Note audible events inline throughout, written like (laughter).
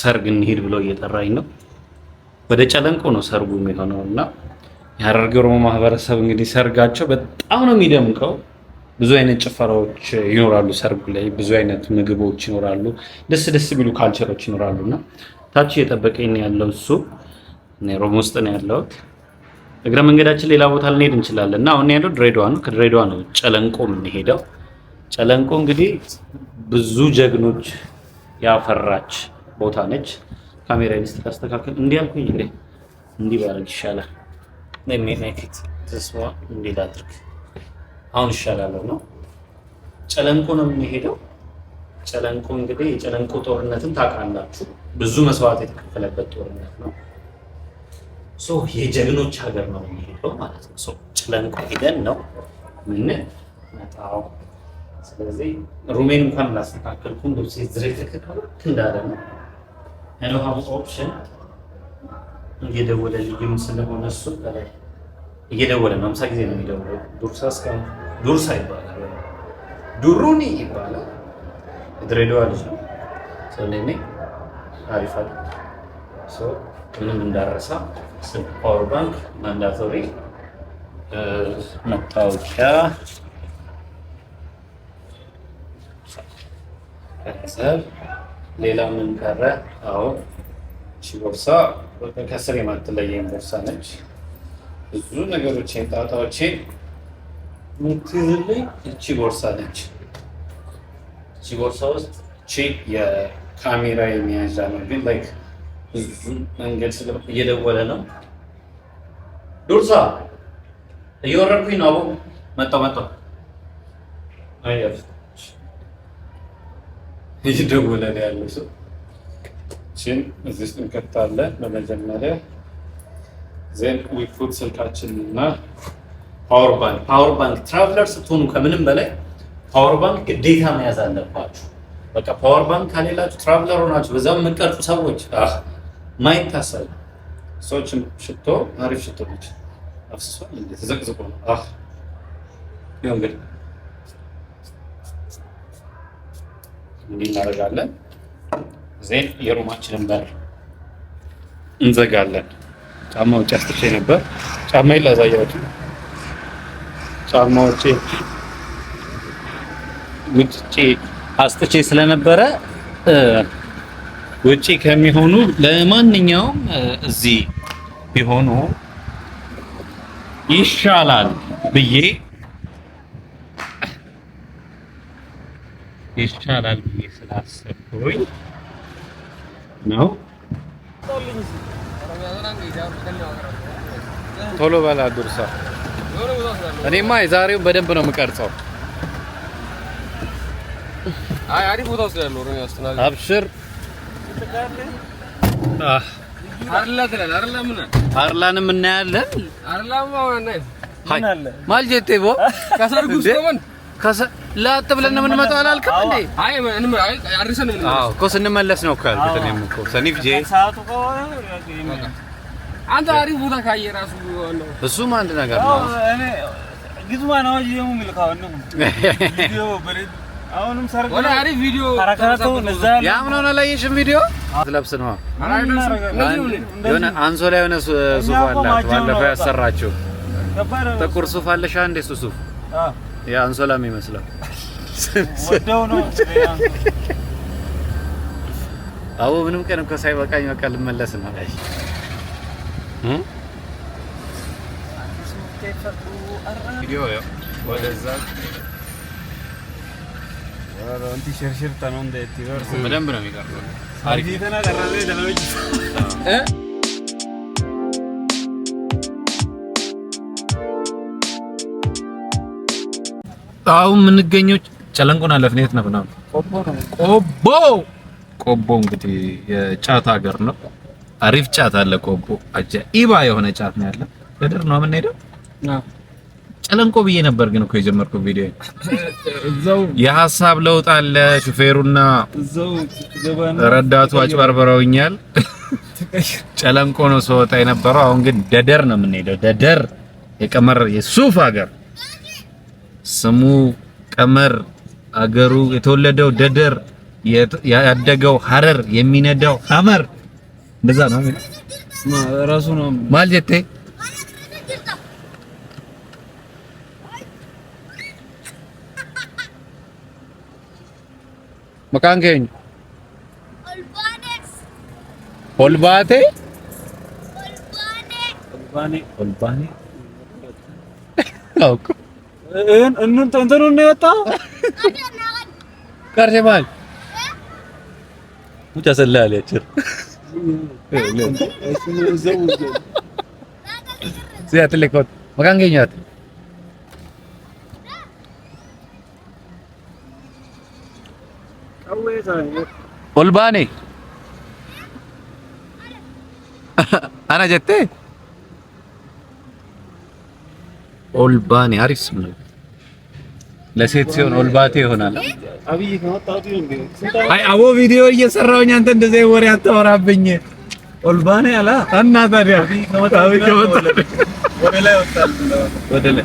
ሰርግ እንሂድ ብለው እየጠራኝ ነው። ወደ ጨለንቆ ነው ሰርጉ የሚሆነው እና የሀረርጌ ኦሮሞ ማህበረሰብ እንግዲህ ሰርጋቸው በጣም ነው የሚደምቀው። ብዙ አይነት ጭፈራዎች ይኖራሉ፣ ሰርጉ ላይ ብዙ አይነት ምግቦች ይኖራሉ፣ ደስ ደስ የሚሉ ካልቸሮች ይኖራሉ። እና ታች እየጠበቀኝ ያለው እሱ ሮም ውስጥ ነው ያለሁት። እግረ መንገዳችን ሌላ ቦታ ልንሄድ እንችላለን እና አሁን ያለው ድሬዳዋ ነው። ከድሬዳዋ ነው ጨለንቆ የምንሄደው። ጨለንቆ እንግዲህ ብዙ ጀግኖች ያፈራች ቦታ ነች። ካሜራ ሚስት ታስተካከል። እንዲህ አልኩኝ እንዴ! እንዲህ ባረግ ይሻላል። ሜትናይቴት ተስማ እንዴት አድርግ አሁን ይሻላለሁ ነው። ጨለንቆ ነው የምንሄደው። ጨለንቆ እንግዲህ የጨለንቆ ጦርነትን ታውቃላችሁ። ብዙ መስዋዕት የተከፈለበት ጦርነት ነው። የጀግኖች ሀገር ነው የሚሄደው ማለት ነው። ጨለንቆ ሄደን ነው ምን መጣው። ስለዚህ ሩሜን እንኳን ላስተካከልኩ እንደዚህ ዝሬ እንዳለ ነው ያለው ሀብ ኦፕሽን እየደወለ ልዩም ስለሆነ እሱ ከላይ እየደወለ ነው። አምሳ ጊዜ ነው የሚደውለው። ዱርሳ እስከ ዱርሳ ይባላል፣ ዱሩኒ ይባላል። ድሬዳዋ ልጅ ነው። ስለኔ አሪፍ አለ። ምንም እንዳረሳ ስልክ፣ ፓወር ባንክ፣ ማንዳቶሪ መታወቂያ፣ ገንዘብ ሌላ ምን ቀረ? አዎ እቺ ቦርሳ ከስር የማትለየኝ ቦርሳ ነች። ብዙ ነገሮቼን ጣጣዎቼን የምትይዝልኝ እቺ ቦርሳ ነች። እቺ ቦርሳ ውስጥ እቺ የካሜራ የሚያዣ ነው፣ ግን ላይክ ብዙ መንገድ ስለ እየደወለ ነው። ዱርሳ እየወረድኩኝ ነው። አቦ መጣ መጣ አየር እየደወለ ነው ያለ ሰው። ችን እዚህ ውስጥ እንከታለን። በመጀመሪያ ዜን ዊፉድ ስልካችንና ፓወር ባንክ ፓወር ባንክ ትራቭለር ስትሆኑ ከምንም በላይ ፓወር ባንክ ግዴታ መያዝ አለባችሁ። በቃ ፓወር ባንክ ከሌላችሁ ትራቭለር ሆናችሁ በዛም የምትቀርጡ ሰዎች ማይታሰብ ሰዎችን ሽቶ አሪፍ ሽቶ ነች። አፍስሷል፣ ተዘቅዝቆ ነው። ያው እንግዲህ እንዲህ እናደርጋለን። ዜን የሩማችንን በር እንዘጋለን። ጫማ ውጭ አስጥቼ ነበር። ጫማዬን ላሳያችሁ። ጫማዎቼ ውጭ አስጥቼ ስለነበረ ውጪ ከሚሆኑ ለማንኛውም እዚህ ቢሆኑ ይሻላል ብዬ ይሻላል ብዬ ስላሰብኩኝ ነው። ቶሎ በላ ዱርሳ። እኔማ የዛሬውን በደንብ ነው የምቀርጸው። አብሽር አርላ ትላለህ። አርላ ምን አርላንም እናያለን። ማልጀቴ ቦ ከሰርጉ ስለሆነ ላጥ ብለን ነው የምንመጣው አላልክም እንዴ? አይ እኮ ስንመለስ ነው እኮ ያልኩት። እኔም እኮ ሰኒፍ ጄ አንተ አሪፍ ቦታ ካየህ እራሱ እሱም አንድ ነገር ነው። አሪፍ ቪዲዮ ያም ነው አላየሽም? ቪዲዮ አትለብስ ነው የሆነ አንሶላ የሆነ ሱፍ አላት ባለፈው ያሰራችው ጥቁር ሱፍ አለሽ አንዴ እሱ ሱፍ የአንሶላ የሚመስለው ወደው ነው። አዎ ምንም ቀን እኮ ሳይበቃኝ በቃ ልመለስ ነው። በደንብ ነው የሚቀርበው። አሁን የምንገኘው ጨለንቆና ለፍኔት ነው ምናምን ቆቦ ቆቦ እንግዲህ የጫት ሀገር ነው። አሪፍ ጫት አለ ቆቦ። አጃኢባ የሆነ ጫት ነው ያለ። ለድር ነው የምንሄደው። ጨለንቆ ብዬ ነበር ግን እኮ የጀመርኩት ቪዲዮ እዛው የሀሳብ ለውጥ አለ። ሹፌሩና ረዳቱ አጭበርብረውኛል። ጨለንቆ ነው ሰወጣ የነበረው። አሁን ግን ደደር ነው የምንሄደው። ደደር የቀመር የሱፍ ሀገር ስሙ ቀመር፣ አገሩ የተወለደው ደደር፣ ያደገው ሐረር፣ የሚነዳው ሐመር እንደዛ ነው ራሱ ነው ማልጀቴ መካን ከኝ ኦልባቴ ኦልባኔ ኦልባኔ ኦልባኔ እንትኑን ነው የወጣው። ቀርማል ብቻ ሰላል ያጭር ሲያትልከው መካን ገኛት ኦልባኔ አና ጀቴ ኦልባኔ አሪፍ ስም ነው። ለሴት ሲሆን ኦልባቴ ይሆናል። አይ አቦ ቪዲዮ እየሰራሁኝ አንተ እንደዚህ ወሬ አታወራብኝ። ወልባኔ አላ እና ታዲያ ወደ ላይ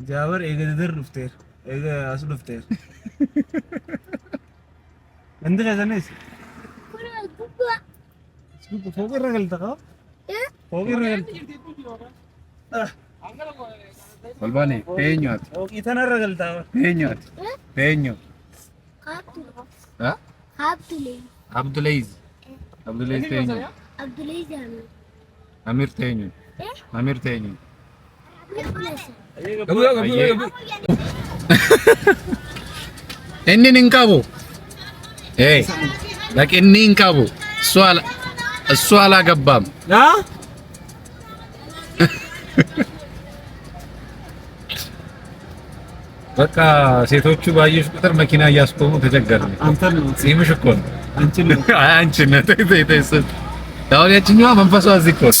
جابر يقدر نفتير أصل نفتير عندك هذا ناس فوق الرجل تقا فوق الرجل والباني بينيوت إثنا الرجل تقا بينيوت بينيو ها عبد العزيز عبد العزيز تينيو عبد العزيز أمير تينيو أمير تينيو እኔን እንቃቡ እ በቃ እኔ እሱ አላገባም። በቃ ሴቶቹ ባየሽ ቁጥር መኪና እያስቆሙ ተቸገረ። ጺምሽ እኮ ነው አንቺን ነው። ያችኛዋ መንፈሷ እዚህ እኮ ነው።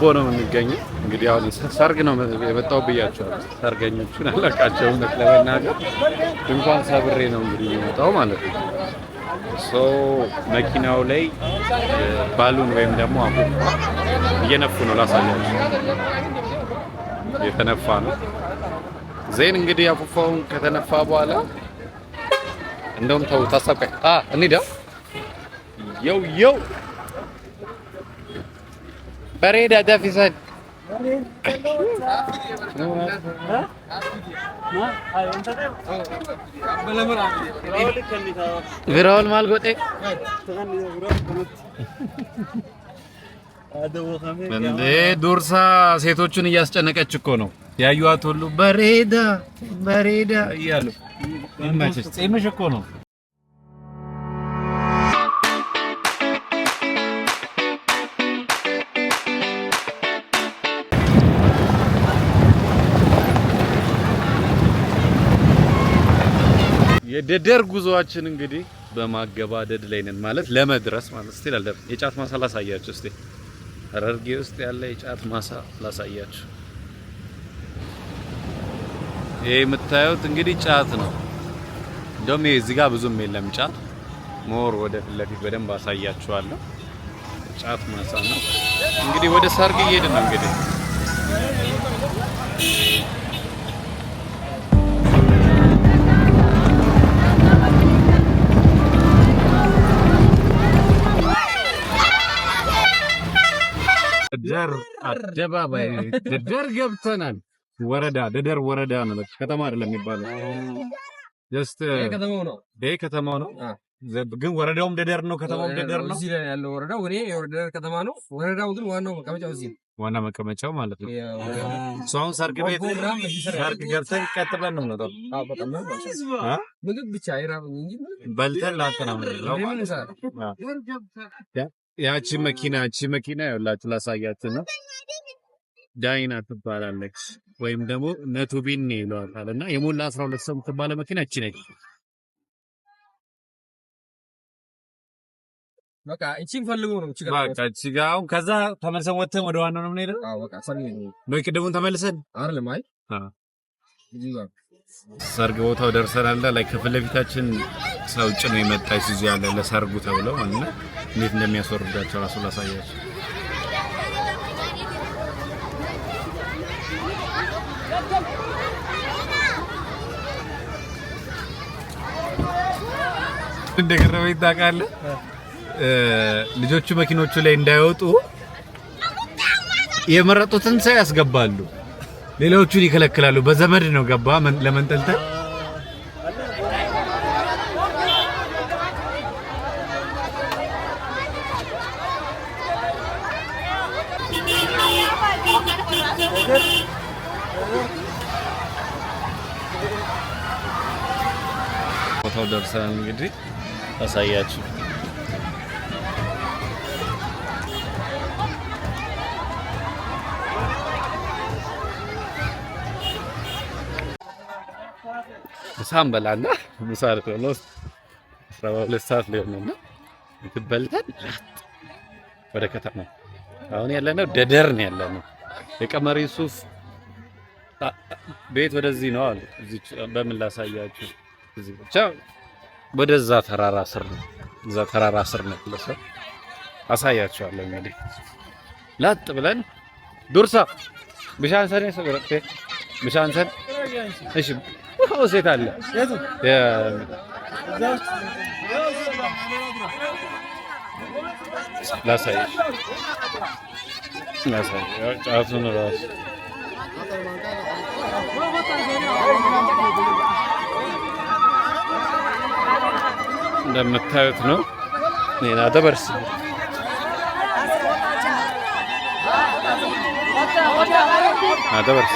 አቦ ነው የምንገኘው። እንግዲህ አሁን ሰርግ ነው የመጣው ብያቸዋል። ሰርገኞቹን አላቃቸውም። ለመናገር ድንኳን ሰብሬ ነው እንግዲህ የመጣው ማለት ነው። ሶ መኪናው ላይ ባሉን ወይም ደግሞ አሁ እየነፉ ነው። ላሳያቸው የተነፋ ነው። ዜን እንግዲህ አፉፋውን ከተነፋ በኋላ እንደውም ተው ታሳብቀኝ እንሂዳ የው የው Bareeda daffisan. Bira ol እንዴ ዶርሳ ሴቶቹን እያስጨነቀች እኮ ነው። ያዩዋት ሁሉ በሬዳ በሬዳ እያሉ ይመችሽ። ጺምሽ እኮ ነው የደደር ጉዞአችን እንግዲህ በማገባደድ ላይ ነን ማለት ለመድረስ ማለት እስቲ አለ። የጫት ማሳ ላሳያችሁ እስቲ፣ ሐረርጌ ውስጥ ያለ የጫት ማሳ ላሳያችሁ። ይሄ የምታዩት እንግዲህ ጫት ነው። እንደውም ይሄ እዚህ ጋር ብዙም የለም ጫት፣ ሞር ወደ ፊት ለፊት በደንብ አሳያችኋለሁ። ጫት ማሳ ነው እንግዲህ። ወደ ሰርግ እየሄድን ነው እንግዲህ ደደር አደባባይ ደደር ገብተናል። ወረዳ ደደር ወረዳ ነው ከተማ አይደለም የሚባለው ጀስት ከተማው ነው ይሄ ከተማው ነው። ግን ወረዳውም ደደር ነው፣ ከተማውም ደደር ነው። እዚህ ላይ ያለው ወረዳው እኔ ደደር ከተማ ነው። ወረዳው ግን ዋናው መቀመጫው እዚህ ነው። ዋና መቀመጫው ማለት ነው። እሱ አሁን ሰርግ ቤት ሰርግ ገብተን ቀጥበን ነው ነው ምግብ ብቻ እንጂ በልተን ላንተ ነው ያቺ መኪና ቺ መኪና ያላችሁ ላሳያችሁ ነው። ዳይና ትባላለች ወይም ደግሞ ነቱቢን ይሏታል እና የሞላ 12 ሰው የምትባለ መኪና እቺ ነች። በቃ እቺን ፈልጎ ነው እቺ ጋር በቃ እቺ ጋር አሁን ከዛ ተመልሰን ወተን ወደ ዋናው ነው የምንሄደው። አዎ በቃ ቅድሙን ተመልሰን አይደለም። አይ ሰርግ ቦታው ደርሰናል። ላይ ከፊት ለፊታችን ሰው ጭኖ የመጣ ይዙ ያለ ለሰርጉ ተብለው ማለት እንዴት እንደሚያስወርዳቸው ራሱ ላሳያቸው። እንደገረመ ይታወቃል። ልጆቹ መኪኖቹ ላይ እንዳይወጡ የመረጡትን ሰው ያስገባሉ፣ ሌላዎቹን ይከለክላሉ። በዘመድ ነው ገባ ለመንጠልጠል ቦታው ደርሰናል። እንግዲህ አሳያችሁ ምሳ በላና ምሳ ሆኖ አስራ ሁለት ሰዓት ሊሆን ነው ትበልተን ወደ ከተማ አሁን ያለነው ደደር ነው ያለነው። የቀመሪ ሱፍ ቤት ወደዚህ ነው አሉ። በምን ላሳያችሁ? እዚህ ብቻ ወደዛ ተራራ ስር ነው። እዛ ተራራ ስር ነው ያለው። አሳያቸዋለሁ እንግዲህ ላጥ ብለን ዱርሳ ብሻንሰን ሰብረቴ ብሻንሰን እሺ፣ ሴት አለ ላሳይሽ ጫቱን ራሱ እንደምታዩት ነው። ኔና ደበርስ ደበርስ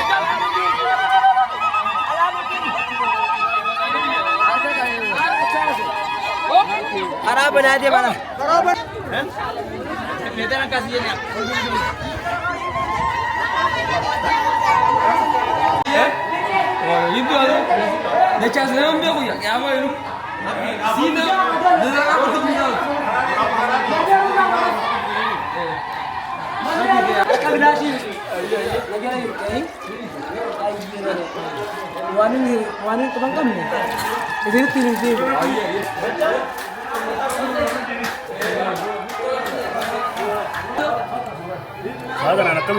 Zina Zina kamu itu tim tim Hadi lan akım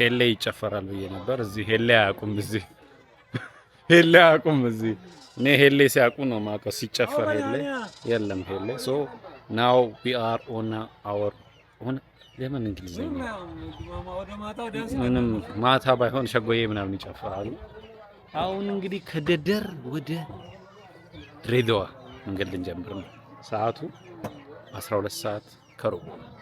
ሄሌ ይጨፈራል ብዬ ነበር። እዚህ ሄሌ አያውቁም። እዚህ (laughs) ሄሌ አያውቁም። እዚህ እኔ ሄሌ ሲያውቁ ነው የማውቀው። ሲጨፈር ሄሌ የለም። ሄሌ ሶ ናው ዊ አር ኦን አወር ኦን ለምን እንግሊዝኛ ምንም ማታ ባይሆን ሸጎዬ ምናምን ይጨፍራሉ። አሁን እንግዲህ ከደደር ወደ ድሬዳዋ መንገድ ልንጀምር ነው። ሰዓቱ 12 ሰዓት ከሩብ